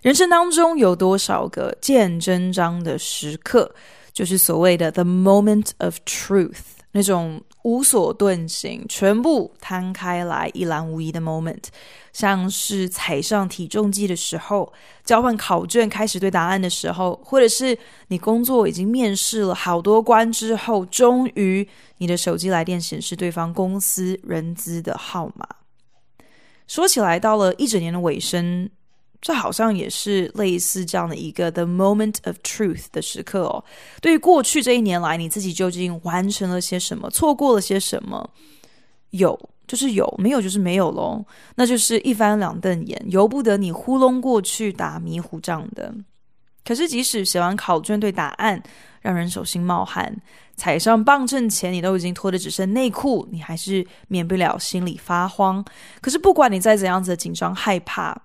人生當中有多少個見真章的時刻，就是所謂的 the moment of truth，那種無所遁形、全部攤開來一覽無遺的 moment，像是踩上體重計的時候，交換考卷開始對答案的時候，或者是你工作已經面試了好多關之後，終於你的手機來電顯示對方公司人資的號碼。說起來，到了一整年的尾聲。這好像也是類似這樣的一個 the moment of truth 的時刻哦。對於過去這一年來，你自己究竟完成了些什麼，錯過了些什麼？有就是有，沒有就是沒有嘍。那就是一翻兩瞪眼，由不得你糊弄過去打迷糊仗的。可是即使寫完考卷對答案，讓人手心冒汗；踩上磅秤前，你都已經脫得只剩內褲，你還是免不了心裡發慌。可是不管你再怎樣子的緊張害怕。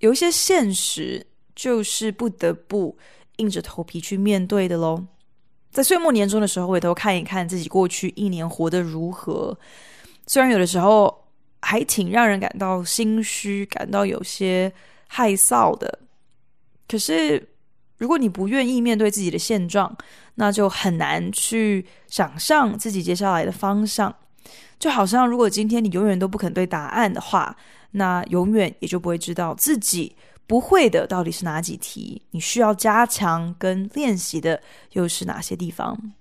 有一些現實，就是不得不硬着頭皮去面對的咯。在歲末年終的時候，回頭看一看自己過去一年活得如何，雖然有的時候還挺讓人感到心虛、感到有些害臊的。可是，如果你不願意面對自己的現狀，那就很難去想象自己接下來的方向。就好像，如果今天你永遠都不肯對答案的話。那永遠也就不會知道自己不會的到底是哪幾題，你需要加強跟練習的又是哪些地方？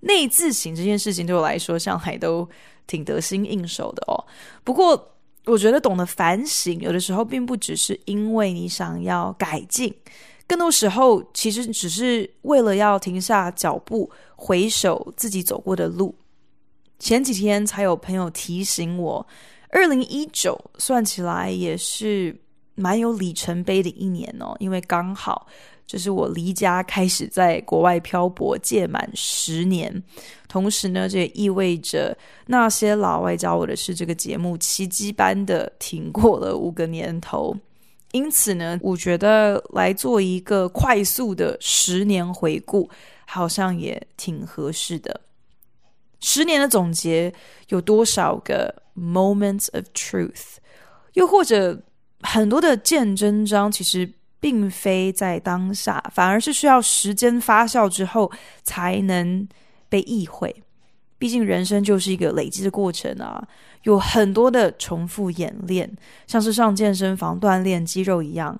內自省這件事情對我來說，向來都挺得心應手的哦。不過，我覺得懂得反省，有的時候並不只是因為你想要改進，更多時候其實只是為了要停下腳步，回首自己走過的路。前幾天才有朋友提醒我。二零一九算起來也是蠻有里程碑的一年哦，因為剛好就是我離家開始在國外漂泊屆滿十年，同時呢，這也意味着那些老外教我的事這個節目奇蹟般的挺過了五個年頭。因此呢，我覺得來做一個快速的十年回顧，好像也挺合適的。十年的總結有多少個 moments of truth？又或者很多的見真章，其實並非在當下，反而是需要時間發酵之後才能被意會。畢竟人生就是一個累積的過程啊，有很多的重複演練，像是上健身房鍛鍊肌肉一樣。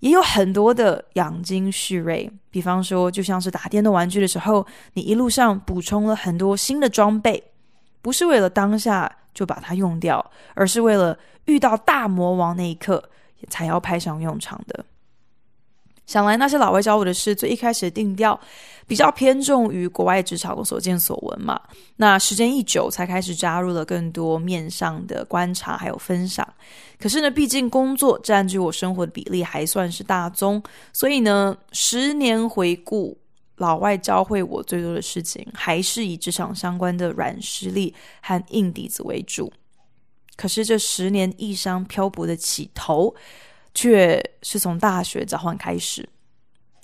也有很多的養精蓄銳，比方說，就像是打電動玩具的時候，你一路上補充了很多新的裝備，不是為了當下就把它用掉，而是為了遇到大魔王那一刻才要派上用場的。想來那些老外教我的事，最一開始的定調比較偏重於國外職場所見所聞嘛。那時間一久，才開始加入了更多面上的觀察還有分享。可是呢，畢竟工作占據我生活的比例還算是大宗，所以呢，十年回顧，老外教會我最多的事情還是以職場相關的軟實力和硬底子為主。可是這十年異鄉漂泊的起頭。卻是從大學交換開始。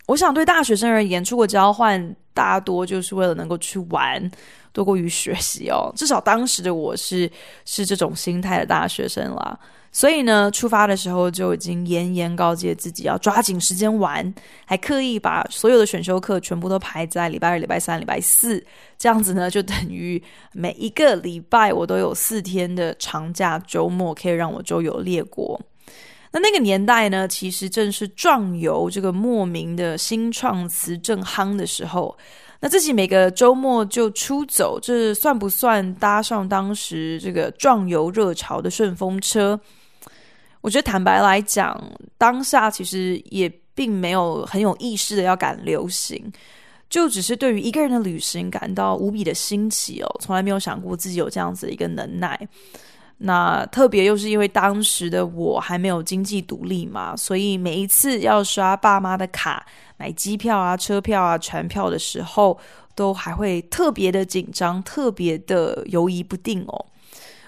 我想對大學生而言，出國交換大多就是為了能夠去玩，多過於學習哦。至少當時的我是是這種心態的大學生啦。所以呢，出發的時候就已經嚴嚴告誡自己要抓緊時間玩，還刻意把所有的選修課全部都排在禮拜二、禮拜三、禮拜四這樣子呢，就等於每一個禮拜我都有四天的長假周末，可以讓我周遊列國。那那個年代呢，其實正是壯遊這個莫名的新創詞正夯的時候。那自己每個周末就出走，這、就是、算不算搭上當時這個壯遊熱潮的順風車？我覺得坦白來講，當下其實也並沒有很有意識的要趕流行，就只是對於一個人的旅行感到無比的新奇哦，從來沒有想過自己有這樣子的一個能耐。那特別又是因為當時的我還沒有經濟獨立嘛，所以每一次要刷爸媽的卡，買機票啊、車票啊、船票的時候，都還會特別的緊張，特別的猶豫不定哦。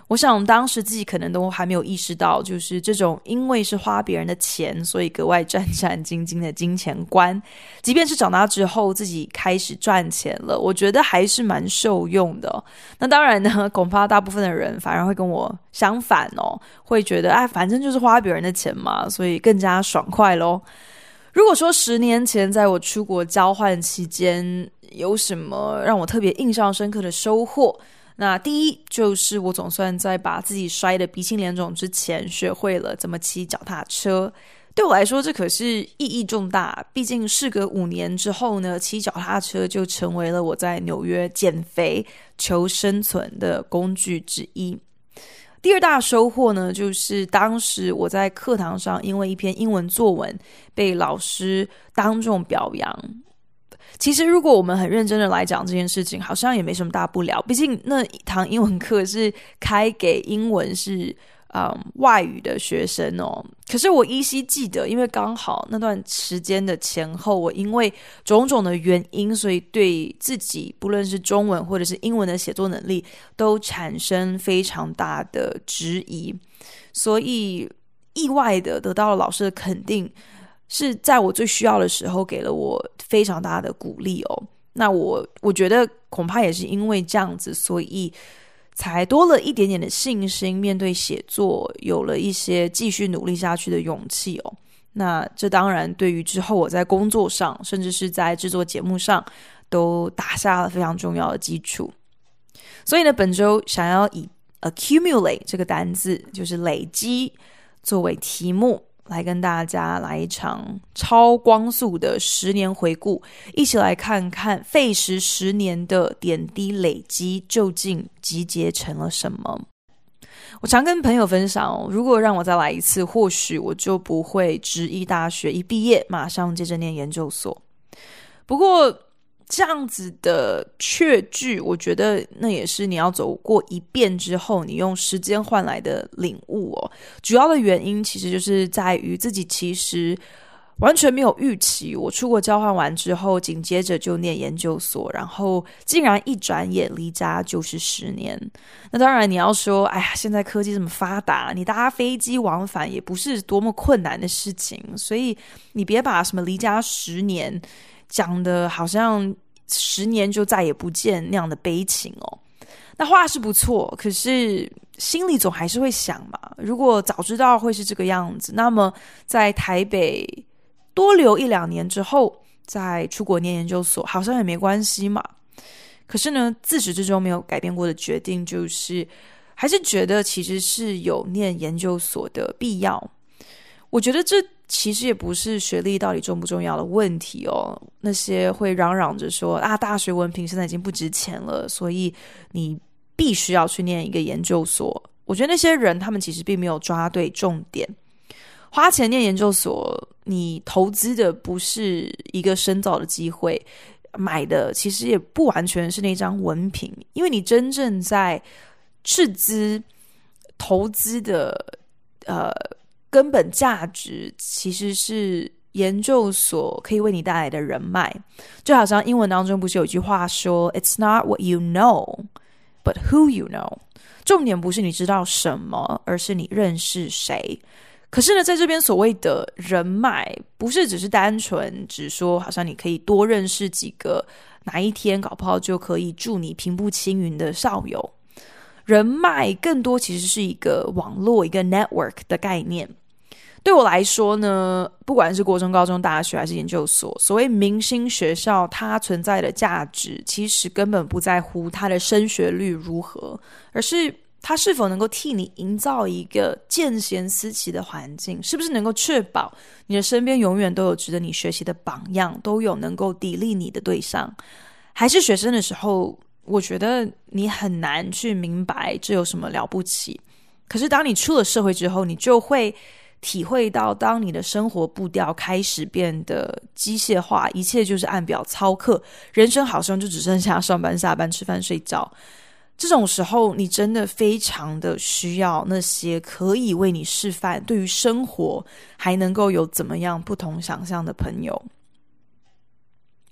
我想當時自己可能都還沒有意識到，就是這種因為是花別人的錢，所以格外戰戰兢兢的金錢觀。即便是長大之後自己開始賺錢了，我覺得還是蠻受用的。那當然呢，恐怕大部分的人反而會跟我相反哦，會覺得哎，反正就是花別人的錢嘛，所以更加爽快嘍。如果說十年前在我出國交換期間有什麼讓我特別印象深刻的收穫？那第一就是我總算在把自己摔得鼻青臉腫之前，學會了怎麼騎腳踏車。對我來說，這可是意義重大。畢竟，事隔五年之後呢，騎腳踏車就成為了我在紐約減肥求生存的工具之一。第二大收穫呢，就是當時我在課堂上因為一篇英文作文被老師當眾表揚。其實，如果我們很認真的來講這件事情，好像也沒什麼大不了。畢竟那一堂英文課是開給英文是嗯，外語的學生哦。可是我依稀記得，因為剛好那段時間的前後，我因為種種的原因，所以對自己不論是中文或者是英文的寫作能力都產生非常大的質疑。所以意外的得到了老師的肯定。是在我最需要的時候給了我非常大的鼓勵哦。那我我覺得恐怕也是因為這樣子，所以才多了一點點的信心，面對寫作有了一些繼續努力下去的勇氣哦。那這當然對於之後我在工作上，甚至是在製作節目上，都打下了非常重要的基礎。所以呢，本周想要以 “accumulate” 這個單字，就是累積，作為題目。來跟大家來一場超光速的十年回顧，一起來看看費時十年的點滴累積，究竟集結成了什麼？我常跟朋友分享，哦，如果讓我再來一次，或許我就不會執意大學一畢業，馬上接着念研究所。不過，這樣子的確句，我覺得那也是你要走過一遍之後，你用時間換來的領悟哦。主要的原因其實就是在於自己其實完全沒有預期。我出國交換完之後，緊接着就念研究所，然後竟然一轉眼離家就是十年。那當然你要說，哎呀，現在科技這麼發達，你搭飛機往返也不是多麼困難的事情，所以你別把什麼離家十年。講的好像十年就再也不見那樣的悲情哦，那話是不錯，可是心裡總還是會想嘛。如果早知道會是這個樣子，那麼在台北多留一兩年之後再出國念研究所，好像也沒關係嘛。可是呢，自始至終沒有改變過的決定，就是還是覺得其實是有念研究所的必要。我覺得這其實也不是學歷到底重不重要的問題哦。那些會嚷嚷着說啊，大學文憑現在已經不值錢了，所以你必須要去念一個研究所。我覺得那些人他們其實並沒有抓對重點。花錢念研究所，你投資的不是一個深造的機會，買的其實也不完全是那張文憑，因為你真正在斥資投資的呃。根本價值其實是研究所可以為你帶來的人脈，就好像英文當中不是有句話說 “It's not what you know, but who you know”，重點不是你知道什麼，而是你認識誰。可是呢，在這邊所謂的人脈，不是只是單純只說好像你可以多認識幾個，哪一天搞不好就可以助你平步青雲的校友。人脈更多其實是一個網絡，一個 network 的概念。對我來說呢，不管是國中、高中、大學還是研究所，所謂明星學校，它存在的價值其實根本不在乎它的升學率如何，而是它是否能夠替你營造一個見賢思齊的環境，是不是能夠確保你的身邊永遠都有值得你學習的榜樣，都有能夠砥礪你的對象。還是學生的時候，我覺得你很難去明白這有什麼了不起，可是當你出了社會之後，你就會。體會到，當你的生活步調開始變得機械化，一切就是按表操課，人生好像就只剩下上班、下班、吃飯、睡覺。這種時候，你真的非常的需要那些可以為你示範，對於生活還能夠有怎麼樣不同想象的朋友。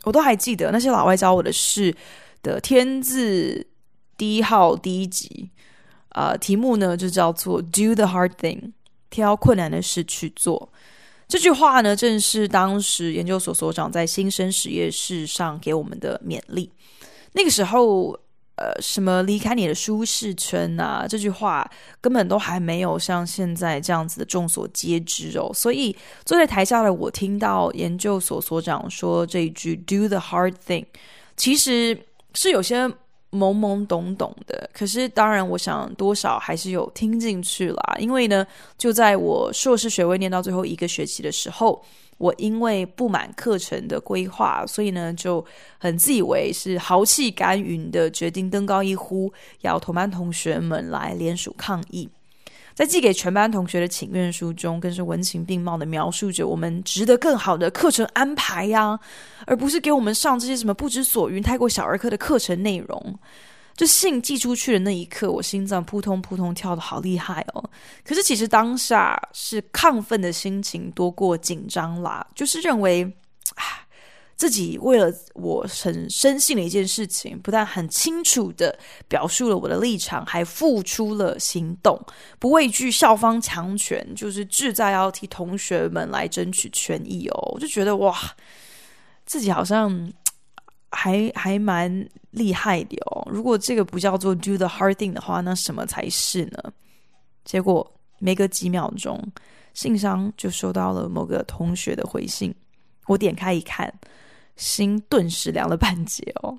我都還記得那些老外教我的事的天字第一號第一集啊，呃，題目呢就叫做 “Do the Hard Thing”。挑困難的事去做，這句話呢，正是當時研究所所長在新生始業式上給我們的勉勵。那個時候，呃，什麼離開你的舒適圈啊，這句話根本都還沒有像現在這樣子的眾所皆知哦。所以坐在台下的我，聽到研究所所長說這一句 “do the hard thing”，其實是有些懵懵懂懂的，可是當然，我想多少還是有聽進去啦。因為呢，就在我碩士學位唸到最後一個學期的時候，我因為不滿課程的規劃，所以呢就很自以為是豪氣干雲的決定登高一呼，要同班同學們來聯署抗議。在寄給全班同學的請願書中，更是文情並茂的描述着我們值得更好的課程安排呀、啊，而不是給我們上這些什麼不知所云、太過小兒科的課程內容。這信寄出去的那一刻，我心臟撲通撲通跳得好厲害哦。可是其實當下是亢奮的心情多過緊張啦，就是認為。唉自己為了我很深信的一件事情，不但很清楚的表述了我的立場，還付出了行動，不畏懼校方強權，就是志在要替同學們來爭取權益哦。我就覺得哇，自己好像還還蠻厲害的哦。如果這個不叫做 do the hard thing 的話，那什麼才是呢？結果沒隔幾秒鐘，信箱就收到了某個同學的回信。我點開一看。心頓時涼了半截哦！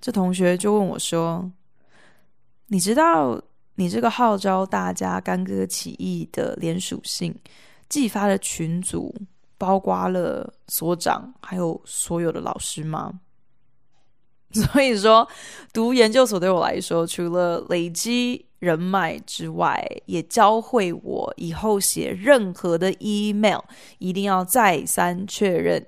這同學就問我說：“你知道你這個號召大家干戈起義的連署信，寄發的群組包括了所長還有所有的老師嗎？”所以說，讀研究所對我來說，除了累積人脈之外，也教會我以後寫任何的 email 一定要再三確認。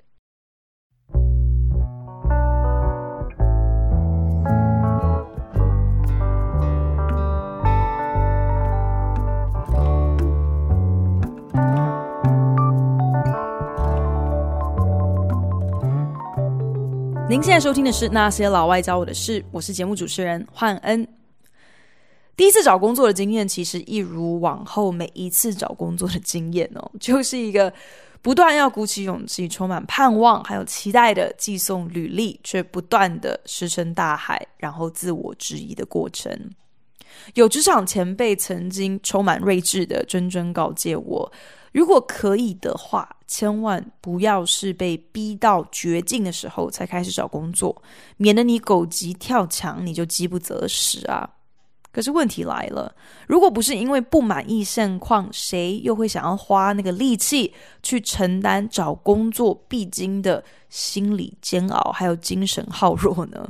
您現在收聽的是《那些老外教我的事》，我是節目主持人煥恩。第一次找工作的經驗，其實一如往後每一次找工作的經驗哦，就是一個不斷要鼓起勇氣、充滿盼望還有期待的寄送履歷，卻不斷的石沉大海，然後自我質疑的過程。有職場前輩曾經充滿睿智的諄諄告誡我。如果可以的話，千萬不要是被逼到絕境的時候才開始找工作，免得你狗急跳牆，你就飢不擇食啊。可是問題來了，如果不是因為不滿意現況，誰又會想要花那個力氣去承擔找工作必經的心理煎熬，還有精神耗弱呢？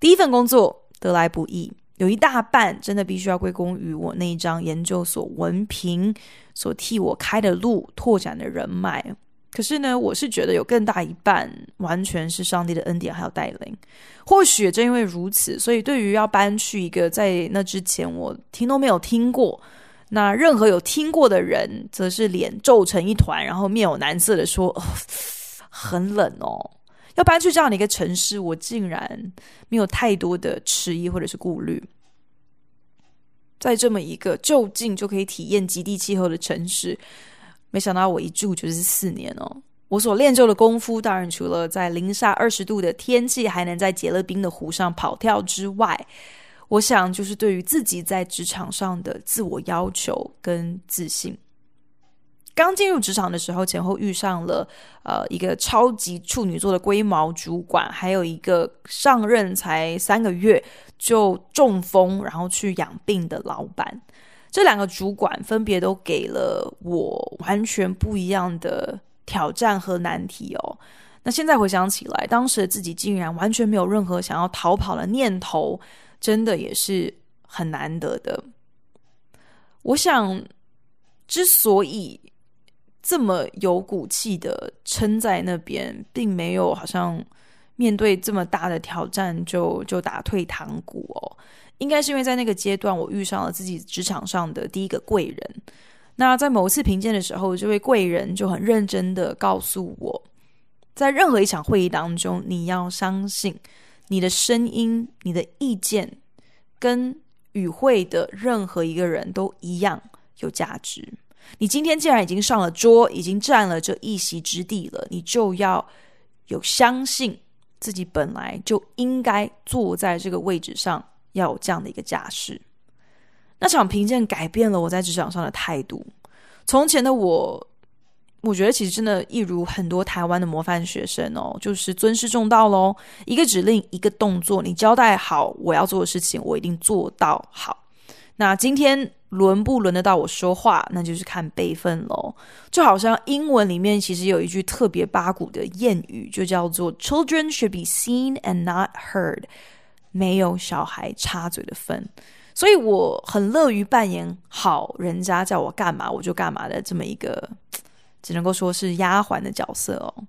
第一份工作得來不易。有一大半真的必須要歸功於我那一張研究所文憑所替我開的路、拓展的人脈。可是呢，我是覺得有更大一半完全是上帝的恩典還有帶領。或許正因為如此，所以對於要搬去一個在那之前我聽都沒有聽過，那任何有聽過的人，則是臉皺成一團，然後面有難色的說，哦，“很冷哦。”要搬去這樣的一個城市，我竟然沒有太多的遲疑或者是顧慮。在這麼一個就近就可以體驗極地氣候的城市，沒想到我一住就是四年哦。我所練就的功夫，當然除了在零下二十度的天氣還能在結了冰的湖上跑跳之外，我想就是對於自己在職場上的自我要求跟自信。剛進入職場的時候，前後遇上了呃一個超級處女座的龜毛主管，還有一個上任才三個月就中風然後去養病的老板。這兩個主管分別都給了我完全不一樣的挑戰和難題哦。那現在回想起來，當時自己竟然完全沒有任何想要逃跑的念頭，真的也是很難得的。我想，之所以，這麼有骨氣的撐在那邊，並沒有好像面對這麼大的挑戰就就打退堂鼓哦。應該是因為在那個階段，我遇上了自己職場上的第一個貴人。那在某次評鑑的時候，這位貴人就很認真的告訴我，在任何一場會議當中，你要相信你的聲音、你的意見，跟與會的任何一個人都一樣有價值。你今天既然已經上了桌，已經占了這一席之地了，你就要有相信自己本來就應該坐在這個位置上，要有這樣的一個架勢。那場評鑑改變了我在職場上的態度。從前的我，我覺得其實真的，一如很多台灣的模範學生哦，就是尊師重道嘍。一個指令，一個動作，你交代好我要做的事情，我一定做到好。那今天輪不輪得到我說話，那就是看輩分嘍。就好像英文裡面其實有一句特別八股的諺語，就叫做 “Children should be seen and not heard”，沒有小孩插嘴的份。所以我很樂於扮演，好人家叫我幹嘛我就幹嘛的這麼一個，只能夠說是丫鬟的角色哦。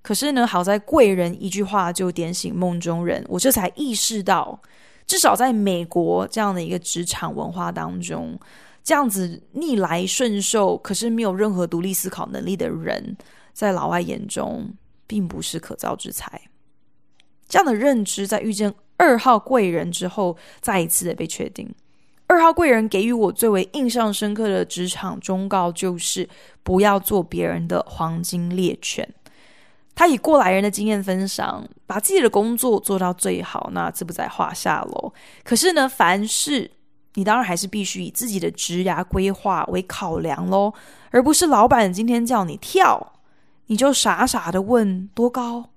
可是呢，好在貴人一句話就點醒夢中人，我這才意識到。至少在美國這樣的一個職場文化當中，這樣子逆來順受，可是沒有任何獨立思考能力的人，在老外眼中並不是可造之材。這樣的認知在遇見二號貴人之後，再一次的被確定。二號貴人給予我最為印象深刻的職場忠告，就是不要做別人的黃金獵犬。他以過來人的經驗分享，把自己的工作做到最好，那這不在話下嘍。可是呢，凡事你當然還是必須以自己的職涯規劃為考量嘍，而不是老闆今天叫你跳，你就傻傻的問多高？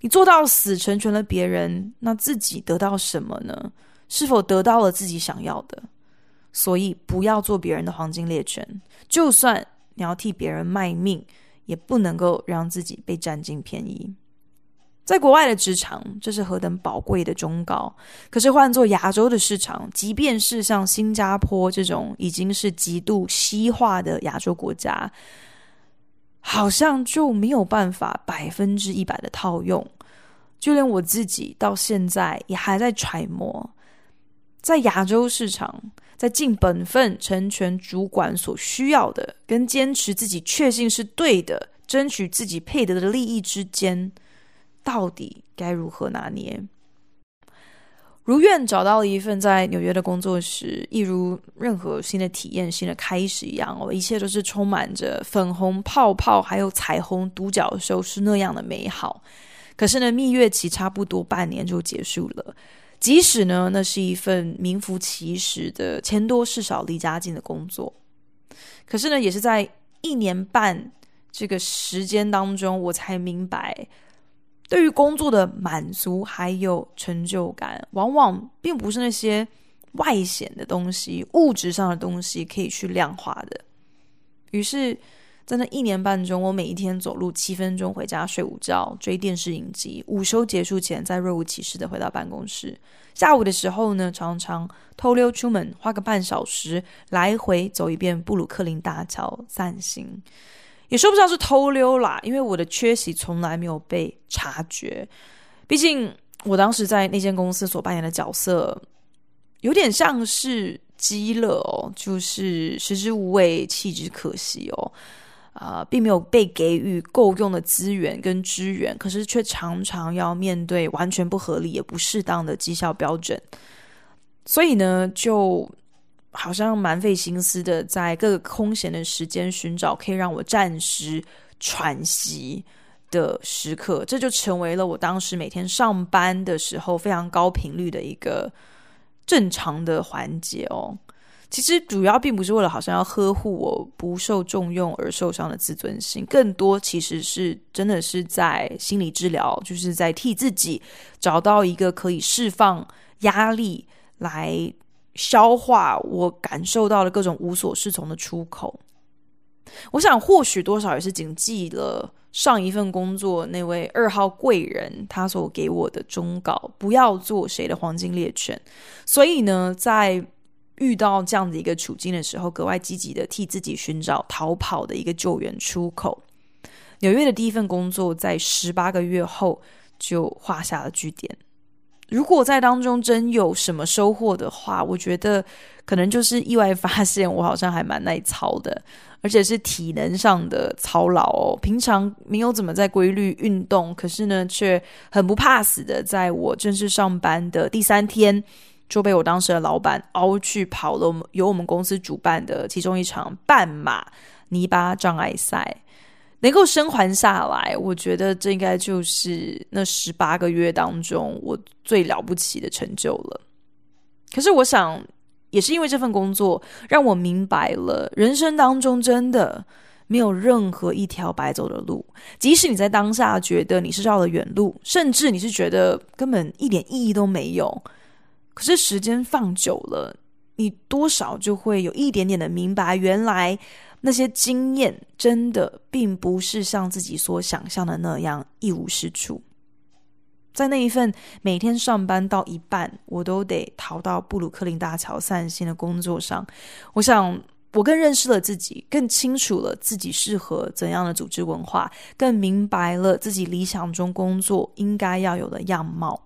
你做到死，成全了別人，那自己得到什麼呢？是否得到了自己想要的？所以不要做別人的黃金獵犬，就算你要替別人賣命，也不能夠讓自己被占盡便宜，在國外的職場，這是何等寶貴的忠告。可是換做亞洲的市場，即便是像新加坡這種已經是極度西化的亞洲國家，好像就沒有辦法百分之一百的套用。就連我自己到現在也還在揣摩，在亞洲市場。在盡本分、成全主管所需要的，跟堅持自己確信是對的、爭取自己配得的利益之間，到底該如何拿捏？如願找到了一份在紐約的工作時，一如任何新的體驗、新的開始一樣哦，一切都是充滿着粉紅泡泡，還有彩虹獨角獸，是那樣的美好。可是呢，蜜月期差不多半年就結束了。即使呢，那是一份名副其實的錢多事少離家近的工作，可是呢，也是在一年半這個時間當中，我才明白，對於工作的滿足還有成就感，往往並不是那些外顯的東西、物質上的東西可以去量化的。於是。在那一年半中，我每一天走路七分鐘回家睡午覺，追電視影集，午休結束前再若無其事的回到辦公室。下午的時候呢，常常偷溜出門，花個半小時來回走一遍布魯克林大橋散心。也說不上是偷溜啦，因為我的缺席從來沒有被察覺。畢竟我當時在那間公司所扮演的角色，有點像是雞肋，哦，就是食之無味，棄之可惜哦。啊、呃，並沒有被給予夠用的資源跟支援，可是卻常常要面對完全不合理也不適當的績效標準，所以呢，就好像蠻費心思的，在各個空閒的時間尋找可以讓我暫時喘息的時刻，這就成為了我當時每天上班的時候非常高頻率的一個正常的環節哦。其實主要並不是為了好像要呵護我不受重用而受傷的自尊心，更多其實是真的是在心理治療，就是在替自己找到一個可以釋放壓力來消化我感受到的各種無所適從的出口。我想或許多少也是謹記了上一份工作那位二號貴人他所給我的忠告：不要做誰的黃金獵犬。所以呢，在遇到這樣的一個處境的時候，格外積極的替自己尋找逃跑的一個救援出口。紐約的第一份工作，在十八個月後就畫下了句點。如果我在當中真有什麼收穫的話，我覺得可能就是意外發現我好像還蠻耐操的，而且是體能上的操勞哦。平常沒有怎麼在規律運動，可是呢，卻很不怕死的，在我正式上班的第三天，就被我當時的老闆凹去跑了由我們公司主辦的其中一場半馬泥巴障礙賽，能夠生還下來，我覺得這應該就是那十八個月當中我最了不起的成就了。可是我想，也是因為這份工作讓我明白了，人生當中真的沒有任何一條白走的路，即使你在當下覺得你是繞了遠路，甚至你是覺得根本一點意義都沒有。可是時間放久了，你多少就會有一點點的明白，原來那些經驗真的並不是像自己所想象的那樣一無是處。在那一份每天上班到一半，我都得逃到布魯克林大橋散心的工作上，我想我更認識了自己，更清楚了自己適合怎樣的組織文化，更明白了自己理想中工作應該要有的樣貌。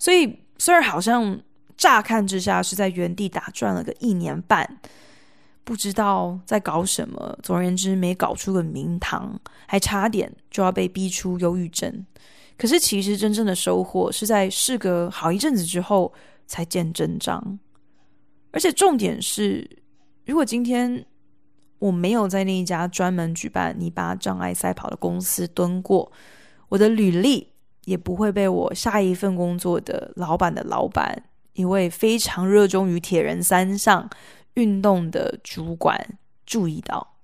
所以，雖然好像……乍看之下是在原地打轉了個一年半，不知道在搞什麼。總而言之，沒搞出個名堂，還差點就要被逼出憂鬱症。可是，其實真正的收穫是在事隔好一陣子之後才見真章。而且，重點是，如果今天我沒有在那一家專門舉辦泥巴障礙賽跑的公司蹲過，我的履歷也不會被我下一份工作的老闆的老闆，一位非常熱衷於鐵人三項運動的主管注意到，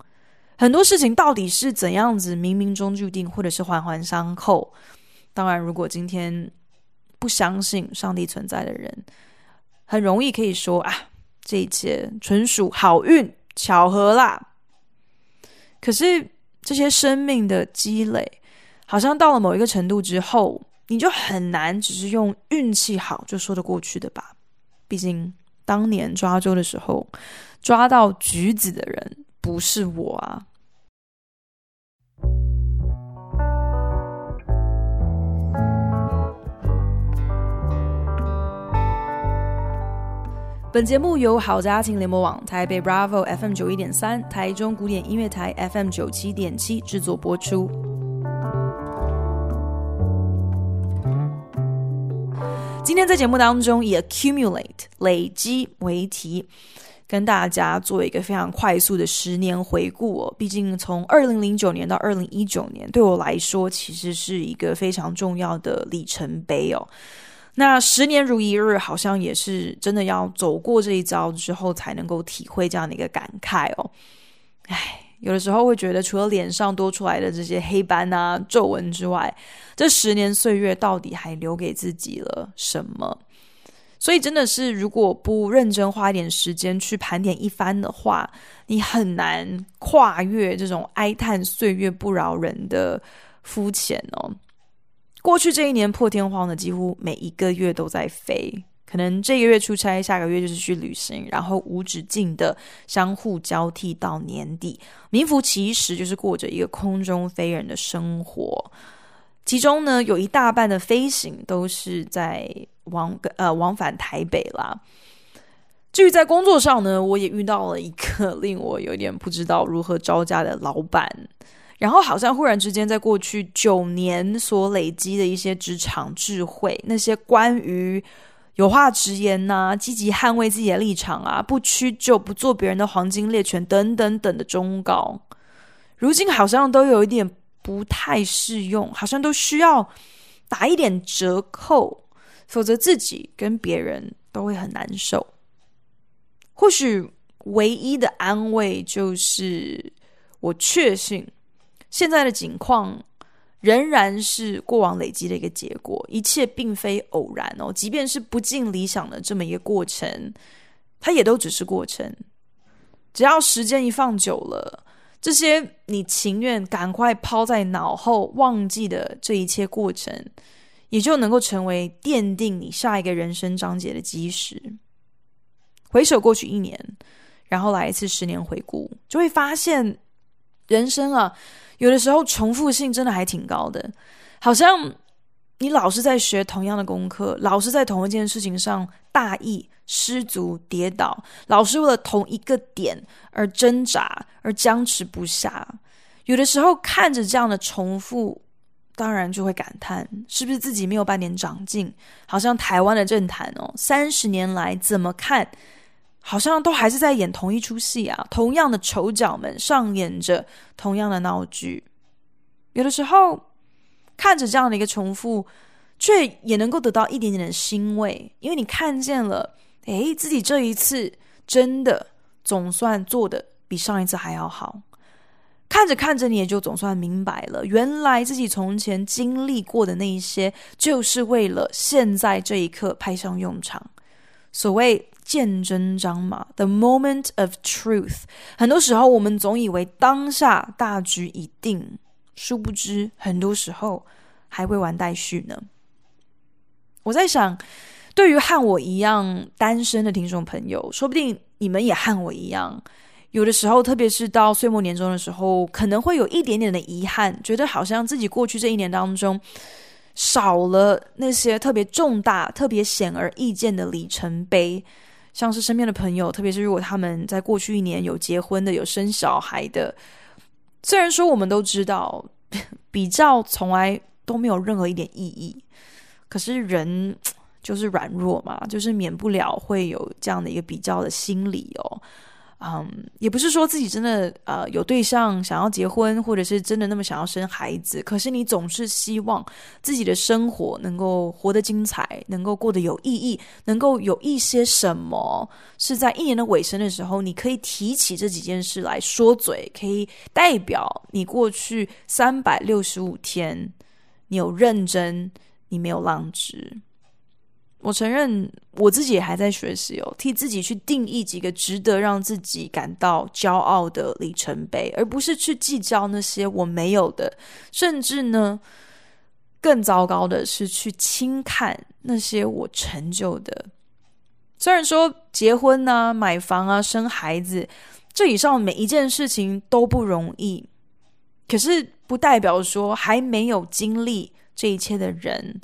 很多事情到底是怎樣子冥冥中注定，或者是環環相扣。當然，如果今天不相信上帝存在的人，很容易可以說啊，這一切純屬好運巧合啦。可是這些生命的積累，好像到了某一個程度之後。你就很難只是用運氣好就說得過去的吧，畢竟當年抓鬮的時候抓到橘子的人不是我啊。本節目由好家庭聯播網、台北 Bravo FM 九一點三、台中古典音樂台 FM 九七點七製作播出。今天在節目當中以 accumulate 累積為題，跟大家做一個非常快速的十年回顧哦。畢竟從二零零九年到二零一九年，對我來說其實是一個非常重要的里程碑哦。那十年如一日，好像也是真的要走過這一遭之後，才能夠體會這樣的一個感慨哦。哎。有的時候會覺得，除了臉上多出來的這些黑斑啊、皺紋之外，這十年歲月到底還留給自己了什麼？所以真的是，如果不認真花點時間去盤點一番的話，你很難跨越這種哀嘆歲月不饒人的膚淺哦。過去這一年破天荒的，幾乎每一個月都在飛。可能這個月出差，下個月就是去旅行，然後無止境的相互交替到年底，名副其實就是過着一個空中飛人的生活。其中呢，有一大半的飛行都是在往呃往返台北啦。至於在工作上呢，我也遇到了一個令我有點不知道如何招架的老闆。然後好像忽然之間，在過去九年所累積的一些職場智慧，那些關於有話直言吶、啊，積極捍衛自己的立場啊，不屈就，不做別人的黃金獵犬等等等的忠告，如今好像都有一點不太適用，好像都需要打一點折扣，否則自己跟別人都會很難受。或許唯一的安慰就是，我確信現在的情況。仍然是過往累積的一個結果，一切並非偶然哦。即便是不盡理想的這麼一個過程，它也都只是過程。只要時間一放久了，這些你情願趕快拋在腦後、忘記的這一切過程，也就能夠成為奠定你下一個人生章節的基石。回首過去一年，然後來一次十年回顧，就會發現人生啊。有的時候重複性真的還挺高的，好像你老是在學同樣的功課，老是在同一件事情上大意失足跌倒，老是為了同一個點而掙扎而僵持不下。有的時候看着這樣的重複，當然就會感嘆，是不是自己沒有半點長進？好像台灣的政壇哦，三十年來怎麼看？好像都還是在演同一齣戲啊，同樣的丑角們上演着同樣的鬧劇。有的時候看着這樣的一個重複，卻也能夠得到一點點的欣慰，因為你看見了，誒，自己這一次真的總算做得比上一次還要好。看着看着，你也就總算明白了，原來自己從前經歷過的那一些，就是為了現在這一刻派上用場。所謂。見真章嘛，The moment of truth。很多時候，我們總以為當下大局已定，殊不知很多時候還未完待續呢。我在想，對於和我一樣單身的聽眾朋友，說不定你們也和我一樣，有的時候，特別是到歲末年終的時候，可能會有一點點的遺憾，覺得好像自己過去這一年當中少了那些特別重大、特別顯而易見的里程碑。像是身邊的朋友，特別是如果他們在過去一年有結婚的、有生小孩的，雖然說我們都知道比較從來都沒有任何一點意義，可是人就是軟弱嘛，就是免不了會有這樣的一個比較的心理哦。嗯、um，也不是說自己真的呃有對象想要結婚，或者是真的那麼想要生孩子。可是你總是希望自己的生活能夠活得精彩，能夠過得有意義，能夠有一些什麼是在一年的尾聲的時候，你可以提起這幾件事來說嘴，可以代表你過去三百六十五天你有認真，你沒有浪擲。我承認我自己還在學習哦，替自己去定義幾個值得讓自己感到驕傲的里程碑，而不是去計較那些我沒有的。甚至呢，更糟糕的是去輕看那些我成就的。雖然說結婚啊，買房啊、生孩子，這以上每一件事情都不容易，可是不代表說還沒有經歷這一切的人。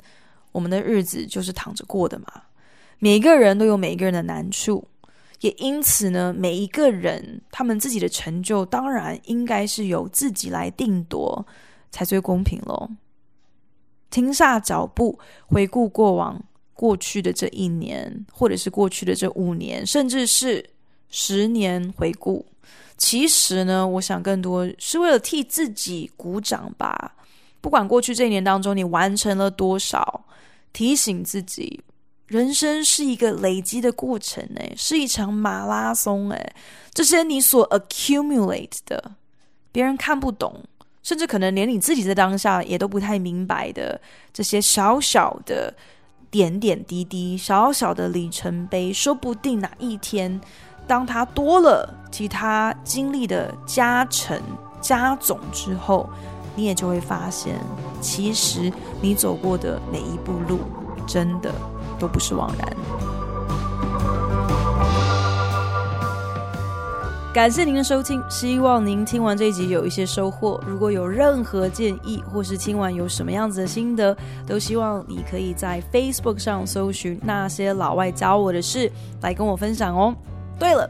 我們的日子就是躺着過的嘛。每一個人都有每一個人的難處，也因此呢，每一個人他們自己的成就，當然應該是由自己來定奪，才最公平嘍。停下腳步，回顧過往，過去的這一年，或者是過去的這五年，甚至是十年回顧，其實呢，我想更多是為了替自己鼓掌吧。不管過去這一年當中，你完成了多少，提醒自己，人生是一個累積的過程，哎，是一場馬拉松，哎，這些你所 accumulate 的，別人看不懂，甚至可能連你自己在當下也都不太明白的這些小小的點點滴滴、小小的里程碑，說不定哪一天，當它多了其他經歷的加成、加總之後。你也就會發現，其實你走過的每一步路，真的都不是枉然。感謝您的收聽，希望您聽完這一集有一些收穫。如果有任何建議，或是聽完有什麼樣子的心得，都希望你可以在 Facebook 上搜尋那些老外教我的事，來跟我分享哦。對了。